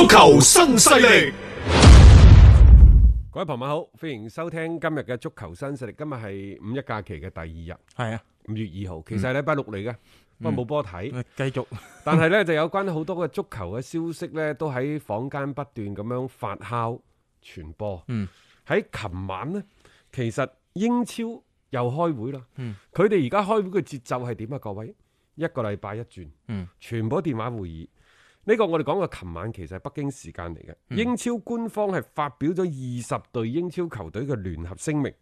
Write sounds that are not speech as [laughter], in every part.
足球新勢力，各位朋友好，歡迎收聽今日嘅足球新勢力。今日係五一假期嘅第二日，係啊，五月二號，其實係禮拜六嚟嘅，不過冇波睇，嗯、繼續。但係呢，就有關好多嘅足球嘅消息呢，都喺坊間不斷咁樣發酵傳播。嗯，喺琴晚呢，其實英超又開會啦。佢哋而家開會嘅節奏係點啊？各位，一個禮拜一轉，嗯，全部電話會議。呢個我哋講過，琴晚其實係北京時間嚟嘅。嗯、英超官方係發表咗二十隊英超球隊嘅聯合聲明，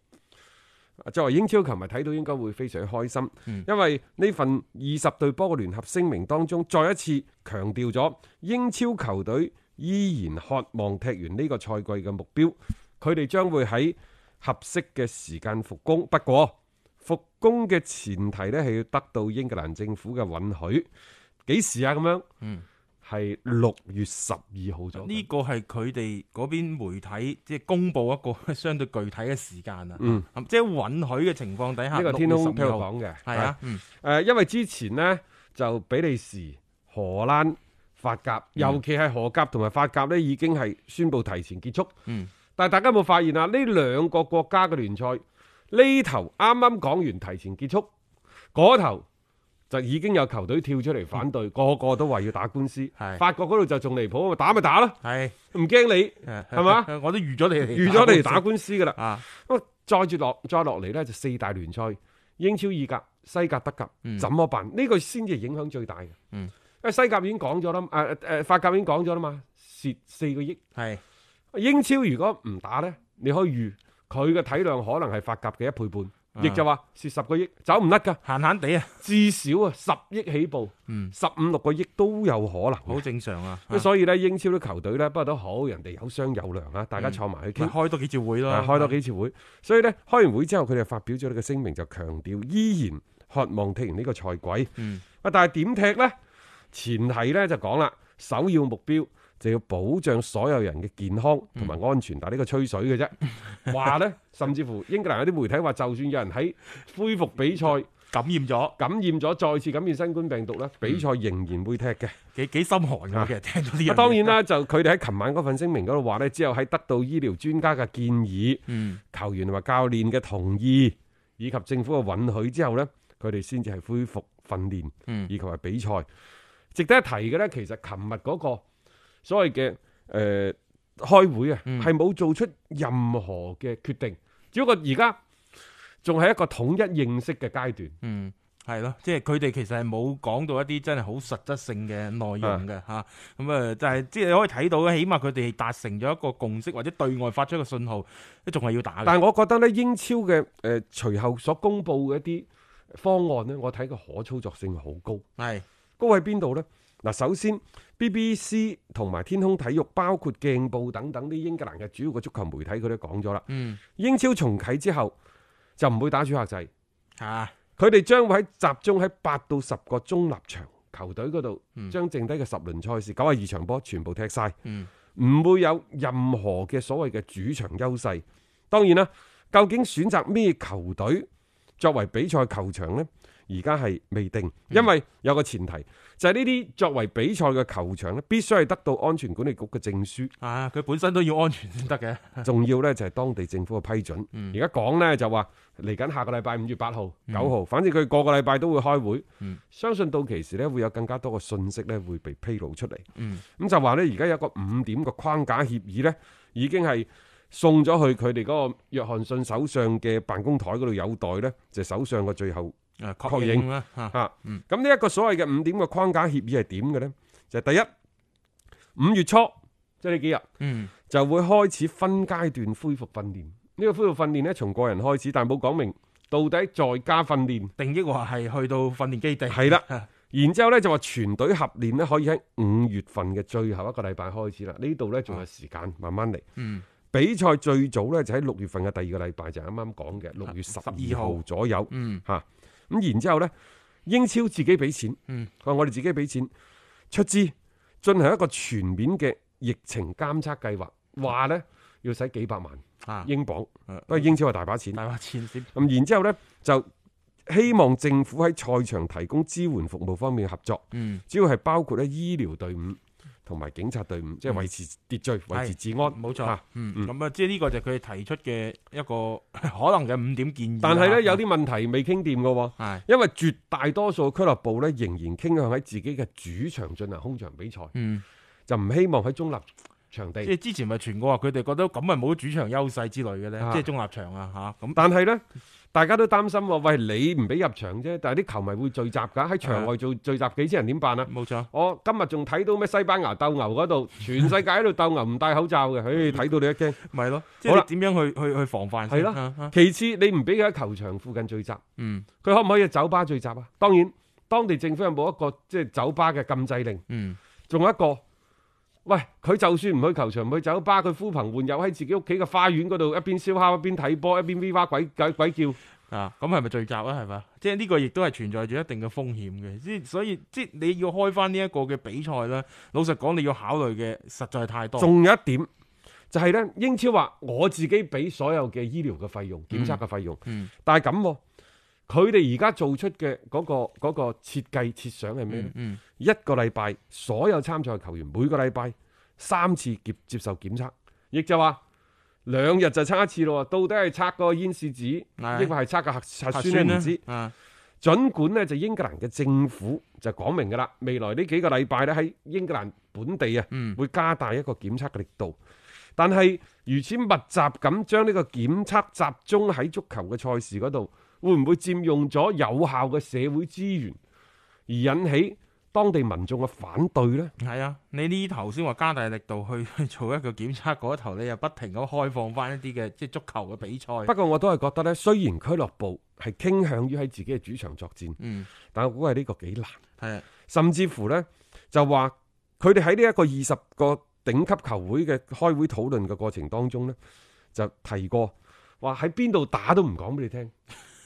作為英超球迷睇到應該會非常開心，嗯、因為呢份二十隊波嘅聯合聲明當中，再一次強調咗英超球隊依然渴望踢完呢個賽季嘅目標。佢哋將會喺合適嘅時間復工，不過復工嘅前提咧係要得到英格蘭政府嘅允許。幾時啊？咁樣嗯。係六月十二號左右，呢個係佢哋嗰邊媒體即係、就是、公布一個相對具體嘅時間啊，咁即係允許嘅情況底下。呢個天空體育講嘅係啊，誒、呃，因為之前呢，就比利時、荷蘭、法甲，尤其係荷甲同埋法甲呢已經係宣布提前結束。嗯，但係大家有冇發現啊？呢兩個國家嘅聯賽呢頭啱啱講完提前結束，嗰頭。就已經有球隊跳出嚟反對，個個都話要打官司。法國嗰度就仲離譜，咪打咪打咯。係唔驚你係嘛？我都預咗你預咗你嚟打官司噶啦。咁再住落再落嚟咧，就四大聯賽：英超、意甲、西甲、德甲，怎麼辦？呢個先至影響最大嘅。嗯，因為西甲已經講咗啦，誒誒，法甲已經講咗啦嘛，蝕四個億。係英超如果唔打咧，你可以預佢嘅體量可能係法甲嘅一倍半。亦就話蝕十個億走唔甩㗎，閒閒地啊，至少啊十億起步，十五六個億都有可能，好正常啊。所以咧英超啲球隊咧，不過都好人哋有商有量啊，大家坐埋去傾開多幾次會啦，開多幾次會。的所以咧開完會之後，佢哋發表咗呢個聲明，就強調依然渴望踢完呢個賽季。嗯，啊，但係點踢呢？前提咧就講啦，首要目標。就要保障所有人嘅健康同埋安全，嗯、但呢個吹水嘅啫。話呢，甚至乎英格蘭有啲媒體話，就算有人喺恢復比賽感染咗、感染咗、再次感染新冠病毒呢比賽仍然會踢嘅，幾幾、嗯、心寒啊！其實聽到呢，當然啦，就佢哋喺琴晚嗰份聲明嗰度話呢，只有喺得到醫療專家嘅建議、嗯、球員同埋教練嘅同意以及政府嘅允許之後呢，佢哋先至係恢復訓練，以及係比賽。嗯、值得一提嘅呢，其實琴日嗰個。所謂嘅誒、呃、開會啊，係冇、嗯、做出任何嘅決定，只不過而家仲係一個統一認識嘅階段。嗯，係咯，即係佢哋其實係冇講到一啲真係好實質性嘅內容嘅嚇。咁誒、啊啊嗯、就係即係你可以睇到咧，起碼佢哋達成咗一個共識，或者對外發出一個信號，仲係要打。但係我覺得咧，英超嘅誒、呃、隨後所公布嘅一啲方案咧，我睇個可操作性好高。係是的 高喺邊度咧？嗱，首先 BBC 同埋天空體育，包括鏡報等等啲英格蘭嘅主要嘅足球媒體，佢都講咗啦。嗯、英超重啟之後就唔會打主客制，吓、啊，佢哋將會集中喺八到十個中立場球隊嗰度，嗯、將剩低嘅十輪賽事九啊二場波全部踢晒，唔、嗯、會有任何嘅所謂嘅主場優勢。當然啦，究竟選擇咩球隊作為比賽球場呢？而家係未定，因為有個前提就係呢啲作為比賽嘅球場咧，必須係得到安全管理局嘅證書。啊，佢本身都要安全先得嘅。 [laughs] 仲要咧就係當地政府嘅批准。而家講咧就話嚟緊下個禮拜五月八號、九號，嗯、反正佢個個禮拜都會開會。嗯、相信到期時咧會有更加多嘅信息咧，會被披露出嚟。咁、嗯、就話咧，而家有個五點嘅框架協議咧，已經係送咗去佢哋嗰個約翰遜首相嘅辦公台嗰度，有待咧就首相嘅最後。啊！確認吓，咁呢一個所謂嘅五點嘅框架協議係點嘅呢？就係、是、第一五月初，即係呢幾日，嗯，就會開始分階段恢復訓練。呢、呢個恢復訓練呢，從個人開始，但係冇講明到底在家訓練，定抑或係去到訓練基地？係啦的，嗯、然之後咧就話全隊合練咧可以喺五月份嘅最後一個禮拜開始啦。呢度呢，仲有時間慢慢嚟。嗯、比賽最早呢，就喺六月份嘅第二個禮拜，就係啱啱講嘅六月十二號左右。嗯，吓。咁然之後呢，英超自己俾錢，我哋自己俾錢出資進行一個全面嘅疫情監測計劃，話呢要使幾百萬英鎊，啊嗯、因為英超係大把錢。大把錢先。咁然之後呢，就希望政府喺賽場提供支援服務方面嘅合作，主、嗯、要係包括咧醫療隊伍。同埋警察隊伍，即係維持秩序、維持治安，冇錯。嗯，咁啊，即係呢個就佢哋提出嘅一個可能嘅五點建議。但係咧，有啲問題未傾掂㗎喎。係，因為絕大多數俱樂部咧，仍然傾向喺自己嘅主場進行空場比賽。嗯，就唔希望喺中立場地。即係之前咪傳過話，佢哋覺得咁咪冇主場優勢之類嘅咧，即係中立場啊嚇。咁，但係咧。大家都擔心喎，喂，你唔俾入場啫，但係啲球迷會聚集㗎，喺場外做聚集、啊、幾千人點辦啊？冇錯、啊，我今日仲睇到咩西班牙鬥牛嗰度，全世界喺度鬥牛唔戴口罩嘅，佢睇 [laughs] 到你一驚，咪咯，好啦，點樣去了去去防範？係咯、啊，其次你唔俾佢喺球場附近聚集，嗯，佢可唔可以喺酒吧聚集啊？當然，當地政府有冇一個即、即係、酒吧嘅禁制令？嗯，仲有一個。喂，佢就算唔去球場，唔去酒吧，佢呼朋喚友喺自己屋企嘅花園嗰度一邊燒烤一邊睇波一邊 V v 鬼鬼鬼叫啊！咁係咪聚集啊？係咪？即係呢個亦都係存在住一定嘅風險嘅。即係所以，即係你要開翻呢一個嘅比賽咧。老實講，你要考慮嘅實在太多。仲有一點就係咧，英超話我自己俾所有嘅醫療嘅費用、檢測嘅費用。嗯，但係咁。佢哋而家做出嘅嗰個嗰個設計設想係咩咧？嗯嗯、一個禮拜所有參賽嘅球員每個禮拜三次接接受檢測，亦就話兩日就測一次咯。到底係測個咽試紙，亦或係測個核酸呢？唔知啊。儘管呢就英格蘭嘅政府就講明㗎啦，未來呢幾個禮拜咧，喺英格蘭本地啊，嗯、會加大一個檢測嘅力度。但係如此密集咁將呢個檢測集中喺足球嘅賽事嗰度。會唔會佔用咗有效嘅社會資源，而引起當地民眾嘅反對呢？係啊，你呢頭先話加大力度去去做一個檢測，嗰頭你又不停咁開放翻一啲嘅即係足球嘅比賽。不過我都係覺得呢，雖然俱樂部係傾向於喺自己嘅主場作戰，嗯，但我估計呢個幾難。係啊，甚至乎呢，就話佢哋喺呢一個二十個頂級球會嘅開會討論嘅過程當中呢就提過話喺邊度打都唔講俾你聽。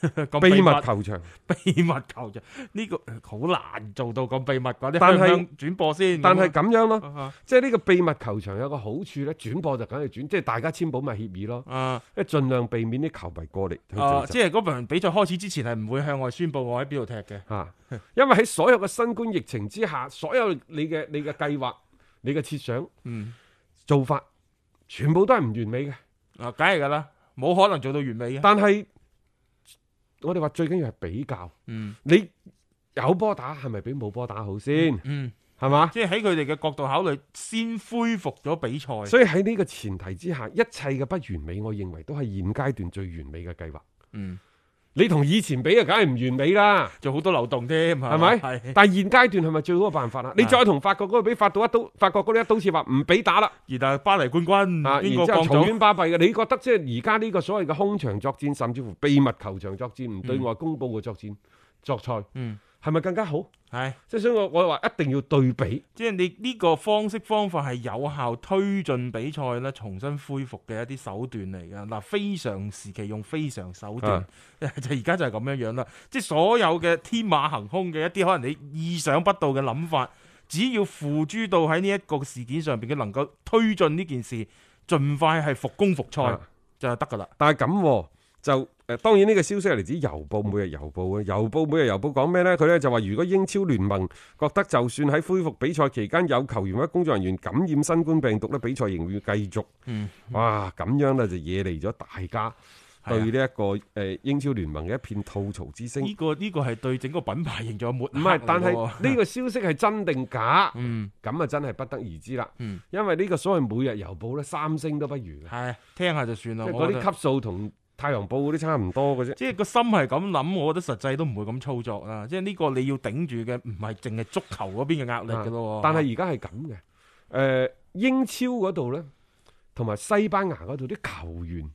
秘密球場，秘密球場，呢、這個好難做到個秘密啲。但係是轉播先，但係咁樣咯，啊、即係呢個秘密球場有個好處咧，轉播就梗係轉，即係大家簽保密協議咯。啊，量球啊，即係盡量避免啲球迷過嚟。即係嗰份比賽開始之前係唔會向外宣布我喺邊度踢嘅。吓、啊，啊、因為喺所有嘅新冠疫情之下，所有你嘅你嘅計劃、你嘅設想、嗯，做法，全部都係唔完美嘅。啊，梗係噶啦，冇可能做到完美嘅。但係。我哋話最緊要係比較，嗯、你有波打係咪比冇波打好先？係嘛、嗯？嗯、吧即係喺佢哋嘅角度考慮，先恢復咗比賽。所以喺呢個前提之下，一切嘅不完美，我認為都係現階段最完美嘅計劃。嗯。你同以前比啊，梗係唔完美啦，做好多漏洞添，係咪？係。但係現階段係咪最好嘅辦法啊？的你再同法國嗰個比，法到一刀，法國嗰啲一刀切話唔俾打啦，而但係巴黎冠軍啊，然之後嘈喧巴閉嘅，你覺得即係而家呢個所謂嘅空場作戰，甚至乎秘密球場作戰，唔對外公布嘅作戰、作賽？嗯。菜係咪更加好？係即係所以我我話一定要對比，即係你呢個方式方法係有效推進比賽啦，重新恢復嘅一啲手段嚟噶。嗱，非常時期用非常手段，啊、就而家就係咁樣樣啦。即係所有嘅天馬行空嘅一啲可能你意想不到嘅諗法，只要付諸到喺呢一個事件上邊，嘅能夠推進呢件事，儘快係復工復賽就係得噶啦。但係咁、啊、就。當然呢個消息係嚟自《郵報》，每日《郵報》嘅《郵報》，每日《郵報》講咩呢？佢咧就話，如果英超聯盟覺得，就算喺恢復比賽期間有球員或者工作人員感染新冠病毒咧，比賽仍然會繼續。嗯嗯、哇，咁樣咧就惹嚟咗大家對呢一個誒英超聯盟嘅一片吐槽之聲。呢、啊這個呢、這個係對整個品牌形象有抹黑唔係？但係呢個消息係真定假？嗯，咁啊真係不得而知啦。嗯、因為呢個所謂每日《郵報》咧，三星都不如。係、啊、聽下就算啦，即係嗰啲級數同。太陽報嗰啲差唔多嘅啫，即係個心係咁諗，我覺得實際都唔會咁操作啦。即係呢個你要頂住嘅，唔係淨係足球嗰邊嘅壓力噶咯。但係而家係咁嘅，誒、呃，英超嗰度咧，同埋西班牙嗰度啲球員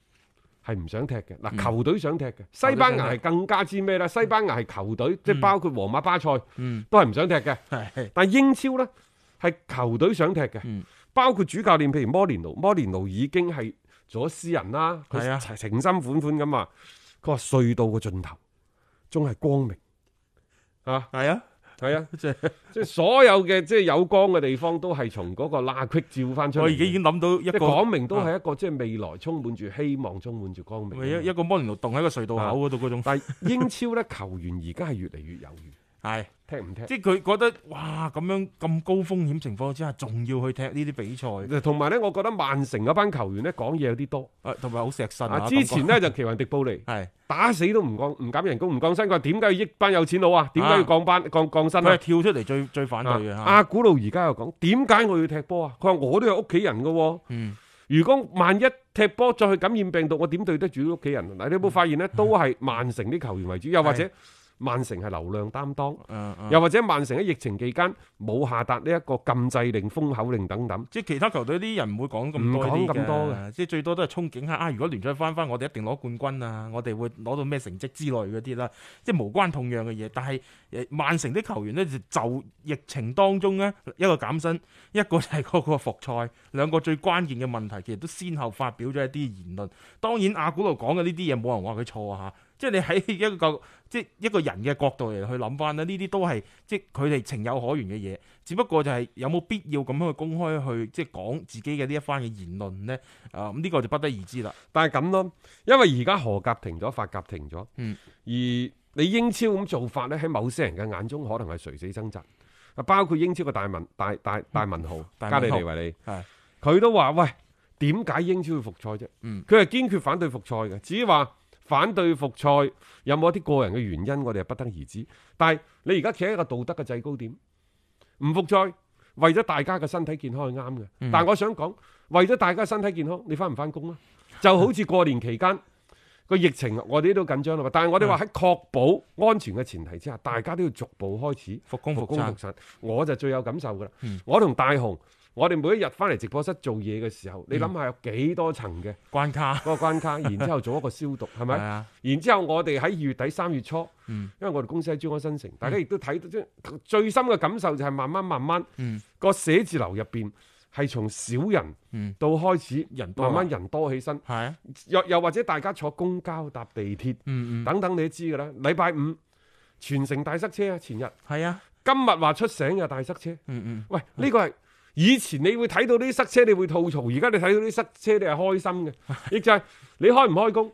係唔想踢嘅。嗱，球隊想踢嘅，嗯，西班牙係更加之咩咧？西班牙係球隊，即係包括皇馬、巴塞，嗯、都係唔想踢嘅。嗯、但係英超咧，係球隊想踢嘅，嗯、包括主教練，譬如摩連奴，摩連奴已經係咗私人啦，佢情深款款咁啊。佢話隧道嘅盡頭，仲係光明，啊，係啊，係啊，即係即係所有嘅即係有光嘅地方都係從嗰個拉 q 照翻出嚟，我已經諗到一個講明都係一個、啊、即係未來充滿住希望、充滿住光明。一一個摩連奴凍喺個隧道口嗰度嗰種，但係英超咧 [laughs] 球員而家係越嚟越猶豫。踢唔踢？即係佢覺得哇，咁樣咁高風險情況之下，仲要去踢呢啲比賽？同埋咧，我覺得曼城嗰班球員咧講嘢有啲多，同埋好錫身。之前咧就奇雲迪布利係打死都唔降唔減人工唔降薪，佢話點解要益班有錢佬啊？點解要降班降降薪咧？跳出嚟最最反對嘅。阿古路而家又講，點解我要踢波啊？佢話我都有屋企人噶。嗯，如果萬一踢波再去感染病毒，我點對得住屋企人？嗱，你有冇發現咧？都係曼城啲球員為主，又或者。曼城係流量擔當，又或者曼城喺疫情期間冇下達呢一個禁制令、封口令等等，即係其他球隊啲人唔會講咁多嘅。唔講咁多嘅，即係最多都係憧憬下啊！如果聯賽返返，我哋一定攞冠軍啊！我哋會攞到咩成績之類嗰啲啦，即係無關痛癢嘅嘢。但係曼城啲球員呢，就疫情當中呢，一個減薪，一個就係嗰個復賽，兩個最關鍵嘅問題，其實都先後發表咗一啲言論。當然，阿古路講嘅呢啲嘢冇人話佢錯啊！即係你喺一個即係一個人嘅角度嚟去諗翻呢啲都係即係佢哋情有可原嘅嘢，只不過就係有冇必要咁樣去公開去即係講自己嘅呢一番嘅言論咧？啊、呃，咁、這、呢個就不得而知啦。但係咁咯，因為而家荷甲停咗，法甲停咗，嗯，而你英超咁做法咧，喺某些人嘅眼中可能係垂死掙扎啊！包括英超嘅大文大大大文豪、嗯、大文豪加里尼維利，係佢的都話：喂，點解英超要復賽啫？嗯，佢係堅決反對復賽嘅，至於話。反對復賽有冇一啲個人嘅原因？我哋係不得而知。但係你而家企喺一個道德嘅制高點，唔復賽為咗大家嘅身體健康係啱嘅。嗯、但係我想講，為咗大家嘅身體健康，你翻唔翻工啊？就好似過年期間個是的 疫情，我哋都緊張啦嘛。但係我哋話喺確保安全嘅前提之下，大家都要逐步開始復工、復工、復實生。我就最有感受噶啦。嗯、我同大雄。我哋每一日翻嚟直播室做嘢嘅時候，你諗下有幾多層嘅關卡，嗰個關卡，然之後做一個消毒，係咪？然之後我哋喺二月底三月初，因為我哋公司喺珠江新城，大家亦都睇到，最深嘅感受就係慢慢慢慢，嗯，個寫字樓入邊係從少人，到開始人慢慢人多起身，又又或者大家坐公交搭地鐵，嗯等等你都知噶啦。禮拜五全城大塞車啊，前日係啊，今日話出醒又大塞車，嗯嗯，喂，呢個係。以前你會睇到啲塞車，你會吐槽；而家你睇到啲塞車，你係開心嘅。亦 [laughs] 就係你開唔開工，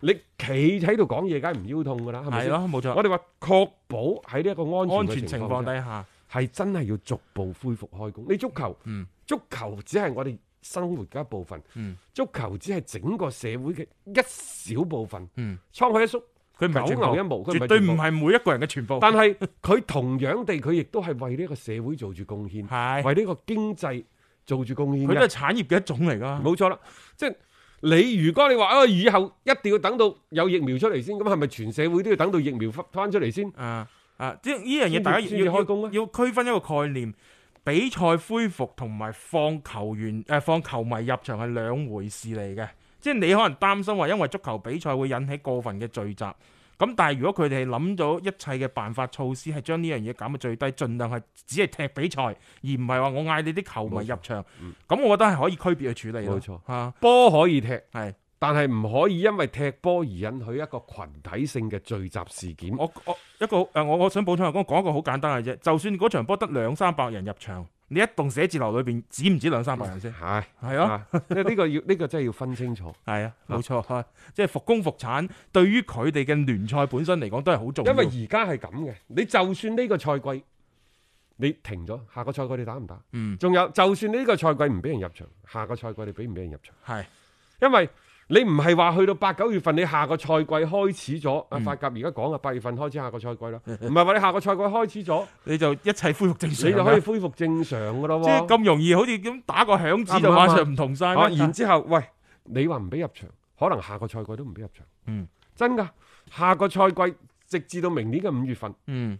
你企喺度講嘢，梗係唔腰痛㗎啦，係咪先？係咯，冇錯。我哋話確保喺呢一個安全，的安全情況底下，係真係要逐步恢復開工。你足球，嗯、足球只係我哋生活嘅一部分，嗯、足球只係整個社會嘅一小部分。滄海一粟。嗯佢唔係一毛，佢絕對唔係每一個人嘅全部。但係是佢 [laughs] 同樣地，佢亦都係為呢個社會做住貢獻，是為呢個經濟做住貢獻。佢都係產業嘅一種嚟噶，冇錯啦。即係、就是、你如果你話啊，以後一定要等到有疫苗出嚟，先咁係咪全社會都要等到疫苗翻出嚟先、啊？啊啊！即係呢樣嘢，大家要開工啊要區分一個概念，比賽恢復同埋放球員誒、啊，放球迷入場係兩回事嚟嘅。即係你可能擔心話，因為足球比賽會引起過分嘅聚集，咁但係如果佢哋係諗咗一切嘅辦法措施係將呢樣嘢減到最低，盡量係只係踢比賽，而唔係話我嗌你啲球迷入場，咁、嗯、我覺得係可以區別去處理咯。嚇，波可以踢係，是但係唔可以因為踢波而引許一個群體性嘅聚集事件。我我一個誒，我我想補充下，講講一個好簡單嘅啫，就算嗰場波得兩三百人入場。你一棟寫字樓裏邊，止唔止兩三百人先？係係啊。即係呢個要呢 [laughs] 個真係要分清楚。係啊，冇錯，即係復工復產對於佢哋嘅聯賽本身嚟講都係好重要。因為而家係咁嘅，你就算呢個賽季你停咗，下個賽季你打唔打？嗯，仲有就算呢個賽季唔俾人入場，下個賽季你俾唔俾人入場？係的，因為。你唔係話去到八九月份，你下個賽季開始咗？阿、嗯、法甲而家講八月份開始下個賽季咯。唔係話你下個賽季開始咗， [laughs] 你就一切恢復正常，你就可以恢復正常噶咯。係咪即係咁容易，好似咁打個響指就馬上唔同晒。然之後，喂，你話唔俾入場，可能下個賽季都唔俾入場。嗯，真噶，下個賽季直至到明年嘅五月份。嗯。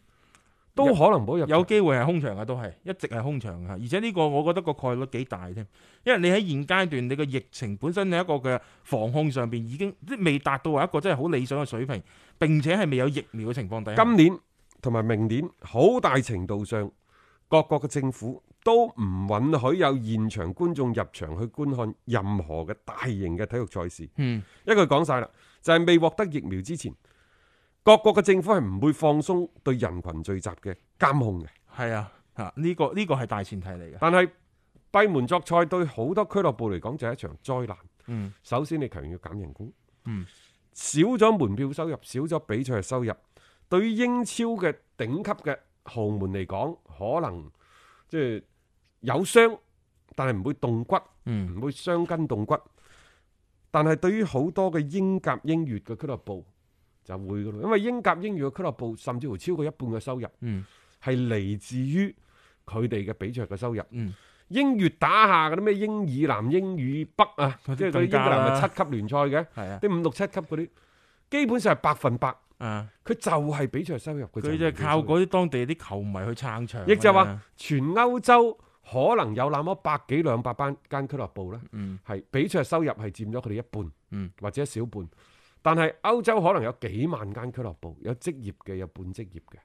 都可能冇入，有機會係空場嘅都係，一直係空場嘅，而且呢個我覺得個概率幾大添，因為你喺現階段你嘅疫情本身你一個嘅防控上面已經啲未達到一個真係好理想嘅水平，並且係未有疫苗嘅情況底下，今年同埋明年好大程度上，各國嘅政府都唔允許有現場觀眾入場去觀看任何嘅大型嘅體育賽事。嗯，一句講晒啦，就係未獲得疫苗之前。各國嘅政府係唔會放鬆對人群聚集嘅監控嘅。係啊，吓呢個呢個係大前提嚟嘅。但係閉門作賽對好多俱樂部嚟講就係一場災難。嗯，首先你強要減人工，嗯，少咗門票收入，少咗比賽嘅收入，對於英超嘅頂級嘅豪門嚟講，可能即係有傷，但係唔會動骨，嗯，唔會傷筋動骨。但係對於好多嘅英甲、英乙嘅俱樂部。就會噶咯，因為英甲英語嘅俱樂部甚至乎超過一半嘅收入，係嚟、嗯、自於佢哋嘅比賽嘅收入。嗯、英語打下嗰啲咩英語南、英語北啊，即係佢英格蘭嘅七級聯賽嘅，啲、啊、五六七級嗰啲，基本上係百分百。佢、啊、就係比賽收入，佢就係靠嗰啲當地啲球迷去撐場。亦就係話，啊、全歐洲可能有那麼百幾兩百班間俱樂部咧，係、嗯、比賽收入係佔咗佢哋一半，嗯、或者一小半。但係歐洲可能有幾萬間俱樂部，有職業嘅，有半職業嘅，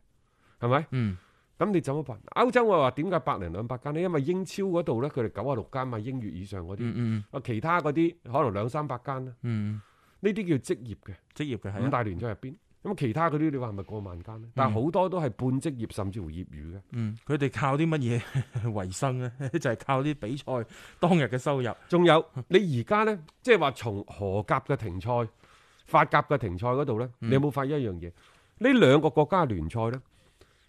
係咪？嗯，咁你怎麼辦？歐洲我話點解百零兩百間咧？因為英超嗰度咧，佢哋九啊六間嘛，英乙以上嗰啲，啊、嗯嗯、其他嗰啲可能兩三百間啦。嗯，呢啲叫職業嘅，職業嘅喺五大聯賽入邊咁，其他嗰啲你話係咪過萬間咧？嗯、但係好多都係半職業甚至乎業餘嘅。嗯，佢哋靠啲乜嘢為生咧？就係、是、靠啲比賽當日嘅收入。仲有你而家咧，即係話從荷甲嘅停賽。法甲嘅停賽嗰度咧，你有冇發現一樣嘢？呢兩、嗯、個國家聯賽咧，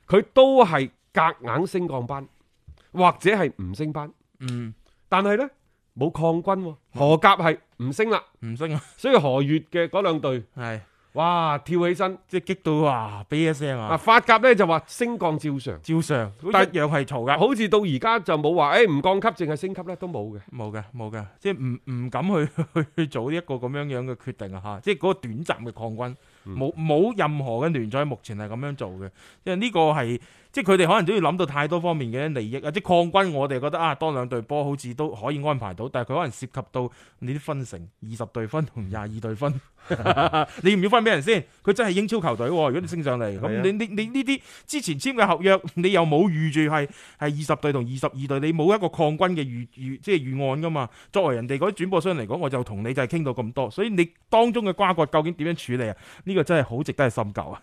佢都係夾硬升降班，或者係唔升班。嗯，但係咧冇抗軍、啊，荷甲係唔升啦，唔、嗯、升。所以荷乙嘅嗰兩隊係。哇，跳起身，即係激到哇，咇一聲啊！啊，法甲咧就話升降照常，照常，一但樣係嘈嘅。好似到而家就冇話，誒、欸，唔降級淨係升級咧，都冇嘅，冇嘅，冇嘅，即係唔唔敢去去做呢一個咁樣樣嘅決定啊！吓，即係嗰個短暫嘅抗軍，冇冇、嗯、任何嘅聯賽，目前係咁樣做嘅，即係呢個係。即係佢哋可能都要諗到太多方面嘅利益啊！即係抗軍我哋覺得啊，多兩隊波好似都可以安排到，但係佢可能涉及到你啲分成二十隊分同廿二隊分， [laughs] [laughs] 你要唔要分俾人先。佢真係英超球隊喎，如果你升上嚟咁，你你你呢啲之前簽嘅合約，你又冇預住係係二十隊同二十二隊，你冇一個抗軍嘅預,預即係預案噶嘛？作為人哋嗰啲轉播商嚟講，我就同你就係傾到咁多，所以你當中嘅瓜葛究竟點樣處理啊？呢個真係好值得係深究啊！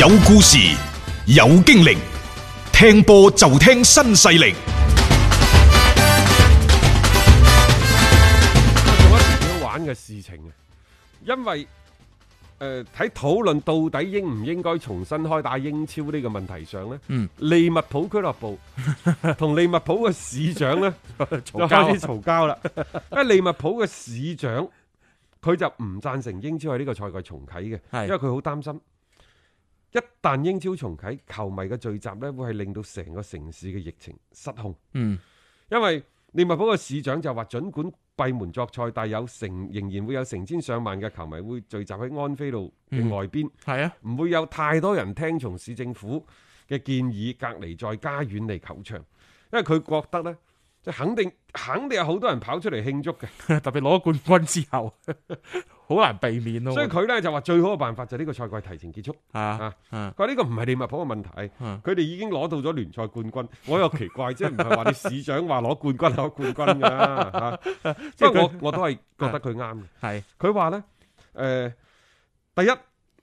有故事，有經歷，聽波就聽新勢力。做一啲好玩嘅事情啊！因為誒，喺討論到底應唔應該重新開打英超呢個問題上咧，嗯，利物浦俱樂部同利物浦嘅市長咧，嘈交啲嘈交啦。因為利物浦嘅市長佢就唔贊成英超喺呢個賽季重啟嘅，係因為佢好擔心。一旦英超重啟，球迷嘅聚集咧，會係令到成個城市嘅疫情失控。嗯，因為利物浦個市長就話，盡管閉門作賽，但有成仍然會有成千上萬嘅球迷會聚集喺安菲路嘅外邊。係、嗯、啊，唔會有太多人聽從市政府嘅建議隔離在家遠離球場，因為佢覺得咧，即肯定肯定有好多人跑出嚟慶祝嘅，特別攞冠軍之後。 [laughs] 好難避免咯，所以佢咧就話最好嘅辦法就呢個賽季提前結束。吓吓、啊，佢話呢個唔係利物浦嘅問題，佢哋、啊、已經攞到咗聯賽冠軍。我又奇怪，即係唔係話你市長話攞冠軍攞冠軍噶吓？不過、 [laughs] 啊、我他我，我都係覺得佢啱嘅。係佢話咧，誒、呃，第一。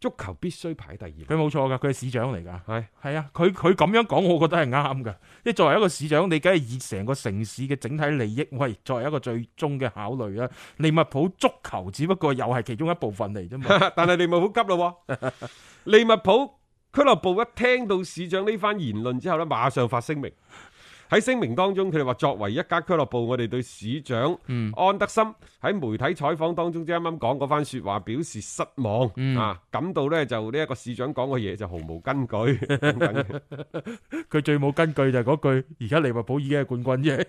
足球必須排第二，佢冇錯噶，佢係市長嚟噶，係係是啊，佢佢咁樣講，我覺得係啱噶，即係作為一個市長，你梗係以成個城市嘅整體利益，喂，作為一個最終嘅考慮啊。利物浦足球只不過又係其中一部分嚟啫嘛， [laughs] 但係利物浦急啦， [laughs] 利物浦俱樂部一聽到市長呢番言論之後咧，馬上發聲明。喺聲明當中，佢哋話作為一家俱樂部，我哋對市長安德森喺媒體採訪當中即啱啱講嗰番説話表示失望啊，感到咧就呢一個市長講嘅嘢就毫無根據，佢 [laughs] 最冇根據就係嗰句而家利物浦已經係冠軍啫，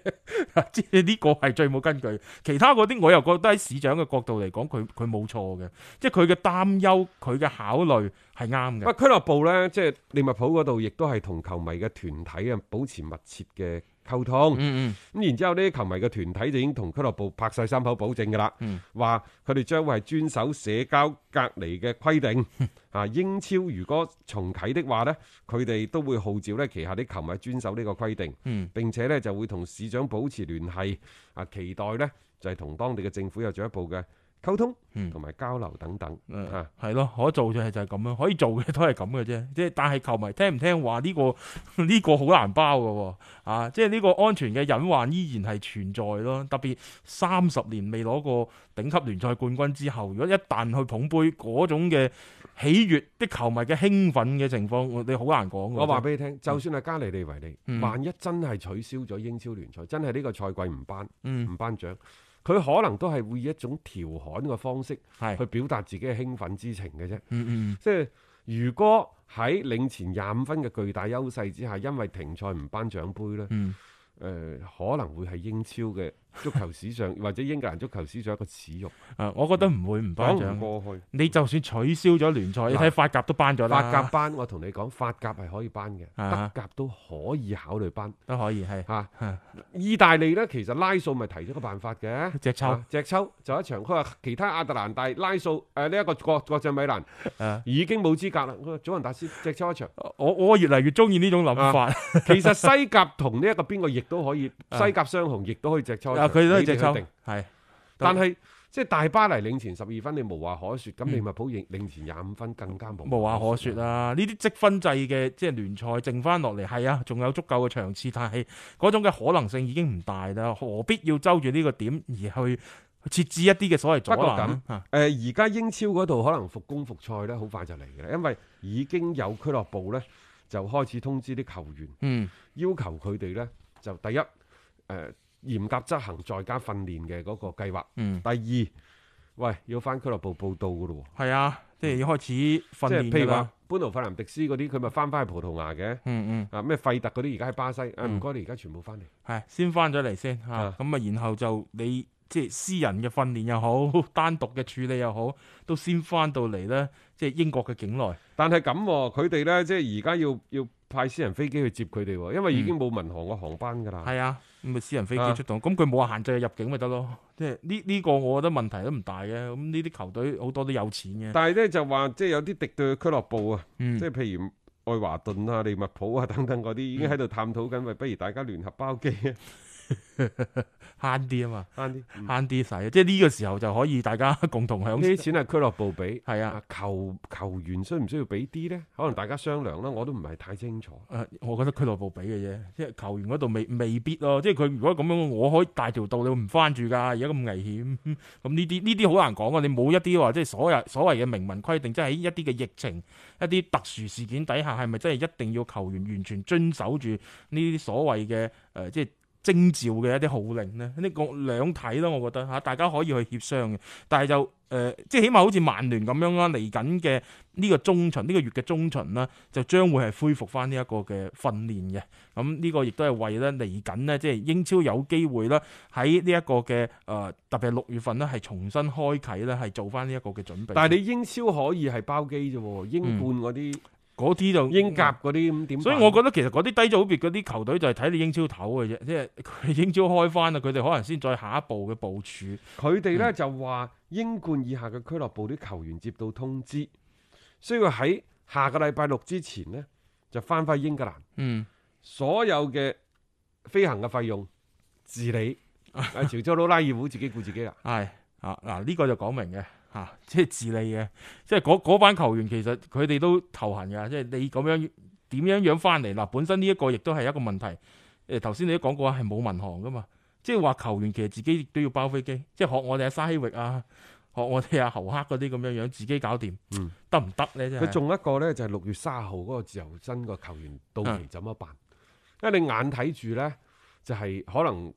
即呢個係最冇根據。其他嗰啲我又覺得喺市長嘅角度嚟講，佢佢冇錯嘅，即係佢嘅擔憂，佢嘅考慮。係啱嘅。不過俱樂部呢，即係利物浦嗰度，亦都係同球迷嘅團體啊保持密切嘅溝通。嗯嗯。咁然之後呢啲球迷嘅團體就已經同俱樂部拍晒心口保證嘅啦。嗯。話佢哋將會係遵守社交隔離嘅規定。嚇、嗯，英超如果重啟的話呢，佢哋都會號召呢旗下啲球迷遵守呢個規定。嗯。並且呢就會同市長保持聯繫。啊，期待呢就係同當地嘅政府有進一步嘅。溝通，嗯，同埋交流等等，啊、嗯，係咯，可做嘅係就係咁，可以做嘅都係咁嘅啫。即係但係球迷聽唔聽話呢？呢個呢、呢個好難包噶，啊，即係呢個安全嘅隱患依然係存在咯，特別三十年未攞過頂級聯賽冠軍之後，如果一旦去捧杯嗰種嘅喜悅，啲球迷嘅興奮嘅情況，很我你好難講。我話俾你聽，就算係加利尼維利，嗯、萬一真係取消咗英超聯賽，真係呢個賽季唔頒唔頒獎。佢可能都係會以一種調侃嘅方式，去表達自己嘅興奮之情嘅啫。嗯嗯，即係如果喺領前廿五分嘅巨大優勢之下，因為停賽唔頒獎杯呢，誒、呃、可能會係英超嘅。足球史上或者英格蘭足球史上一個恥辱啊！我覺得唔會唔頒獎過去，你就算取消咗聯賽，你睇法甲都頒咗啦。法甲班我同你講，法甲係可以頒嘅，德甲都可以考慮頒，都可以係吓。意大利咧，其實拉素咪提咗個辦法嘅，直抽直抽就一場。佢話其他亞特蘭大、拉素誒呢一個國國際米蘭，已經冇資格啦。佢話祖雲達斯直抽一場。我我越嚟越中意呢種諗法。其實西甲同呢一個邊個亦都可以，西甲雙雄亦都可以直抽。啊！佢都係只抽，係，是但係即係大巴黎領前十二分，你無話可說，咁你咪補迎領前廿五分，嗯、更加無無話可說啦！呢啲積分制嘅即係聯賽，剩翻落嚟係啊，仲有足夠嘅場次，但係嗰種嘅可能性已經唔大啦，何必要周住呢個點而去設置一啲嘅所謂阻攔？誒，而、呃、家英超嗰度可能復工復賽咧，好快就嚟嘅啦，因為已經有俱樂部咧就開始通知啲球員，嗯，要求佢哋咧就第一誒。呃嚴格執行在家訓練嘅嗰個計劃。嗯、第二，喂，要翻俱樂部報到噶咯，係啊，即、就、係、是、要開始訓練。嗯就是、譬如話，搬奴、費南迪斯嗰啲，佢咪翻翻去葡萄牙嘅、嗯。嗯、啊、在在嗯啊，啊，咩費特嗰啲，而家喺巴西。誒，唔該，你而家全部翻嚟係先翻咗嚟先吓，咁啊，然後就你即係私人嘅訓練又好，單獨嘅處理又好，都先翻到嚟咧，即係英國嘅境內。但係咁、啊，佢哋咧，即係而家要要派私人飛機去接佢哋，因為已經冇民航嘅航班噶啦。係、嗯、啊。咁咪私人飛機出動，咁佢冇話限制入境咪得咯，即係呢呢個我覺得問題都唔大嘅。咁呢啲球隊好多都有錢嘅，但係咧就話即係有啲敵對俱樂部啊，嗯、即係譬如愛華頓啊、利物浦啊等等嗰啲，已經喺度探討緊，咪、嗯、不如大家聯合包機啊。慳啲啊嘛，慳啲慳啲使，即係呢個時候就可以大家共同享。啲錢係俱樂部俾，係啊，球球員需唔需要俾啲咧？可能大家商量啦，我都唔係太清楚。誒、呃，我覺得俱樂部俾嘅嘢，即係球員嗰度未未必咯、啊。即係佢如果咁樣，我可以大條道，你唔翻住噶，而家咁危險。咁呢啲呢啲好難講啊！你冇一啲話，即係所有所謂嘅明文規定，即係喺一啲嘅疫情、一啲特殊事件底下，係咪真係一定要球員完全遵守住呢啲所謂嘅誒，即係？徵召嘅一啲號令呢，呢個兩睇啦，我覺得嚇，大家可以去協商嘅。但係就誒，即係起碼好似曼聯咁樣啦，嚟緊嘅呢個中旬，呢個月嘅中旬啦，就將會係恢復翻呢一個嘅訓練嘅。咁呢個亦都係為咧嚟緊呢，即係英超有機會啦，喺呢一個嘅誒，特別係六月份咧係重新開啓咧，係做翻呢一個嘅準備。但係你英超可以係包機啫，英冠嗰啲。嗰啲就英甲嗰啲咁點？所以我覺得其實嗰啲低組別嗰啲球隊就係睇你英超頭嘅啫，即係英超開翻啦，佢哋可能先再下一步嘅部署。佢哋咧就話，英冠以下嘅俱樂部啲球員接到通知，需要喺下個禮拜六之前呢就翻返英格蘭。嗯，所有嘅飛行嘅費用自理。啊， [laughs] 潮州佬拉爾夫自己顧自己啦。係啊，嗱、啊、呢、呢個就講明嘅。嚇、啊，即係自理嘅，即係嗰班球員其實佢哋都頭痕㗎，即係你咁樣點樣樣翻嚟嗱，本身呢一個亦都係一個問題。誒頭先你都講過係冇民航㗎嘛，即係話球員其實自己亦都要包飛機，即係學我哋喺沙希域啊，學我哋阿侯克嗰啲咁樣樣自己搞掂，嗯，得唔得咧？即佢仲一個咧就係六月卅號嗰個自由身個球員到期怎麼辦？嗯、因為你眼睇住咧，就係可能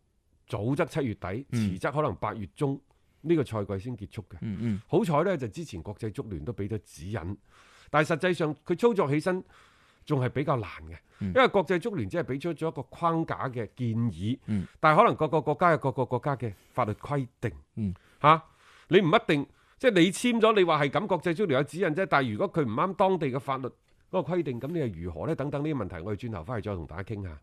早則七月底，遲則可能八月中。呢個賽季先結束嘅、嗯，嗯嗯，好彩呢，就之前國際足聯都俾咗指引，但係實際上佢操作起身仲係比較難嘅，嗯、因為國際足聯只係俾出咗一個框架嘅建議，嗯，但係可能各個國家有各個國家嘅法律規定，嗯，嚇、啊、你唔一定，即、就、係、是、你簽咗你話係咁國際足聯有指引啫，但係如果佢唔啱當地嘅法律嗰個規定，咁你係如何呢？等等呢啲問題，我哋轉頭翻去再同大家傾下。